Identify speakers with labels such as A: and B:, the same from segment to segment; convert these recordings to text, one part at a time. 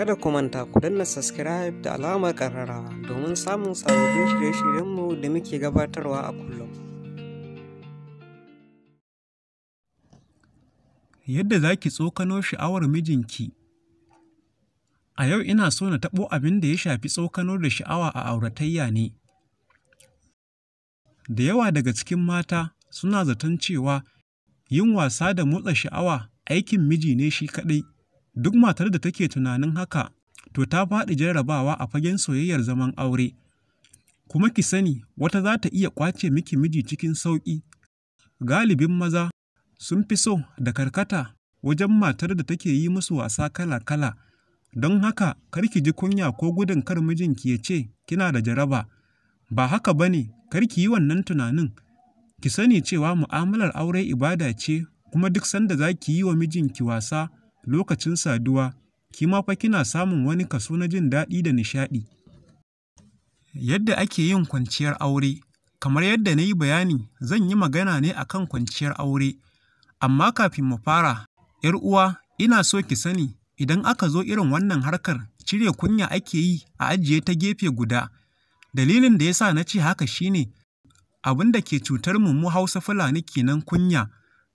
A: Kada ku manta ku danna subscribe da alamar ƙararrawa domin samun sababbin shirye-shiryenmu da muke gabatarwa a kullum. Yadda za ki tsokano sha'awar mijinki A yau ina so na taɓo abin da ya shafi tsokano da sha'awa a auratayya ne. da yawa daga cikin mata suna zaton cewa yin wasa da motsa sha'awa aikin miji ne shi kaɗai Duk matar da take tunanin haka to ta faɗi jarrabawa a fagen soyayyar zaman aure. Kuma ki sani wata za ta iya ƙwace miki miji cikin sauƙi. Galibin maza sun fi so da karkata wajen matar da take yi musu wasa kala-kala. Don haka kar ki ji kunya ko gudun kar mijinki ya ce kina da jaraba. Ba haka ba ne kar ki yi wannan tunanin. Ki sani cewa mu'amalar aure ibada ce kuma duk sanda za ki yi wa mijinki wasa lokacin saduwa ki ma fa kina samun wani kaso na jin daɗi da nishaɗi. Yadda ake yin kwanciyar aure Kamar yadda na yi bayani, zan yi magana ne a kan kwanciyar aure, amma kafin mu fara, 'yar uwa ina so ki sani, idan aka zo irin wannan harkar, cire kunya ake yi a ajiye ta gefe guda. Dalilin da ya sa na ce haka shi ne, abin da ke cutar mu mu Hausa Fulani kenan kunya,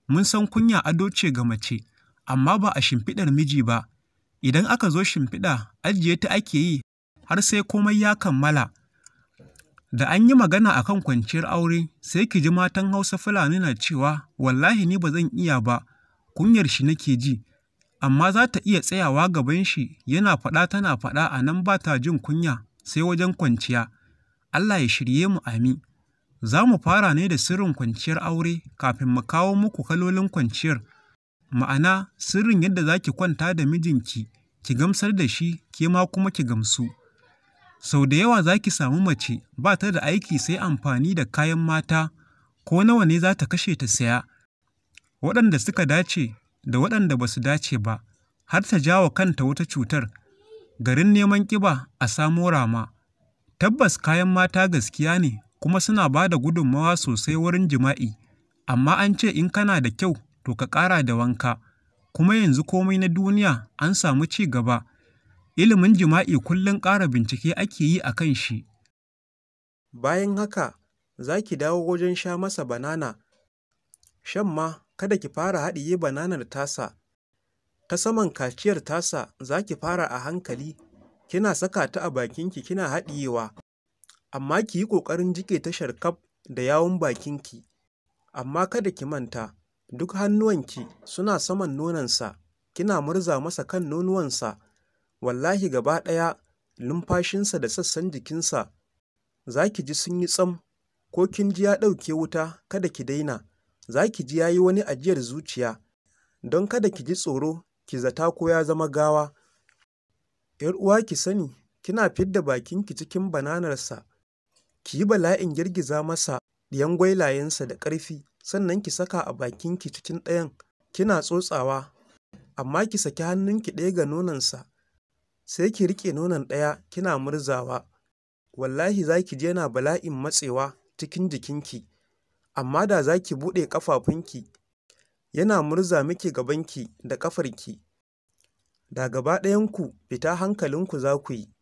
A: mun san kunya ado ce ga mace. amma ba a shimfiɗar miji ba, idan aka zo shimfiɗa ajiye ta ake yi har sai komai ya kammala. Da an yi magana a kan kwanciyar aure sai ki ji matan Hausa Fulani na cewa wallahi ni ba zan iya ba, kunyar shi nake ji, amma za ta iya tsayawa gaban shi yana faɗa tana faɗa a nan ba ta jin kunya sai wajen kwanciya. Allah ya shirye mu Ami. Za mu fara ne da sirrin kwanciyar aure kafin mu kawo muku kalolin kwanciyar. Ma'ana sirrin yadda za ki kwanta da mijinki ki gamsar da shi ke ma kuma ki gamsu. Sau da yawa za ki samu mace ba ta da aiki sai amfani da kayan mata ko nawa ne za ta kashe ta saya, waɗanda suka dace da waɗanda ba su dace ba, har ta ja wa kanta wata cutar, garin neman ƙiba a samo rama. Tabbas kayan mata gaskiya ne kuma suna ba da gudunmawa sosai wurin jima'i, amma an ce in kana da kyau to ka ƙara da wanka. Kuma yanzu komai na duniya an samu ci gaba, ilimin jima'i kullum ƙara bincike ake yi a kan shi. Bayan haka, za ki dawo wajen sha masa banana, shan ma kada ki fara haɗiye bananar tasa, ta saman kaciyar tasa za ki fara a hankali, kina saka ta a bakinki kina haɗiyewa, amma ki yi ƙoƙarin jiƙe tashar kaf da yawun bakinki, amma kada ki manta, Duk hannuwanki suna saman nononsa, kina murza masa kan nonuwansa, wallahi gaba ɗaya lumfashinsa da sassan jikinsa za ki ji sun yi tsam, ko kin ji ya ɗauke wuta kada ki daina, za ki ji ya yi wani ajiyar zuciya, don kada ki ji tsoro ki zata ko ya zama gawa. ‘Yar uwa ki sani, kina fidda bakinki cikin bananarsa, ki yi bala'in girgiza masa ɗiyan gwailayensa da ƙarfi. sannan ki saka a bakinki cikin ɗayan kina tsotsawa amma ki saki hannunki ɗaya ga nononsa sai ki riƙe nonon ɗaya kina murzawa wallahi za ki je na bala'in matsewa cikin jikinki amma da za ki buɗe ƙafafunki yana murza miki gabanki da ƙafarki da gaba ɗayanku fita hankalinku za ku yi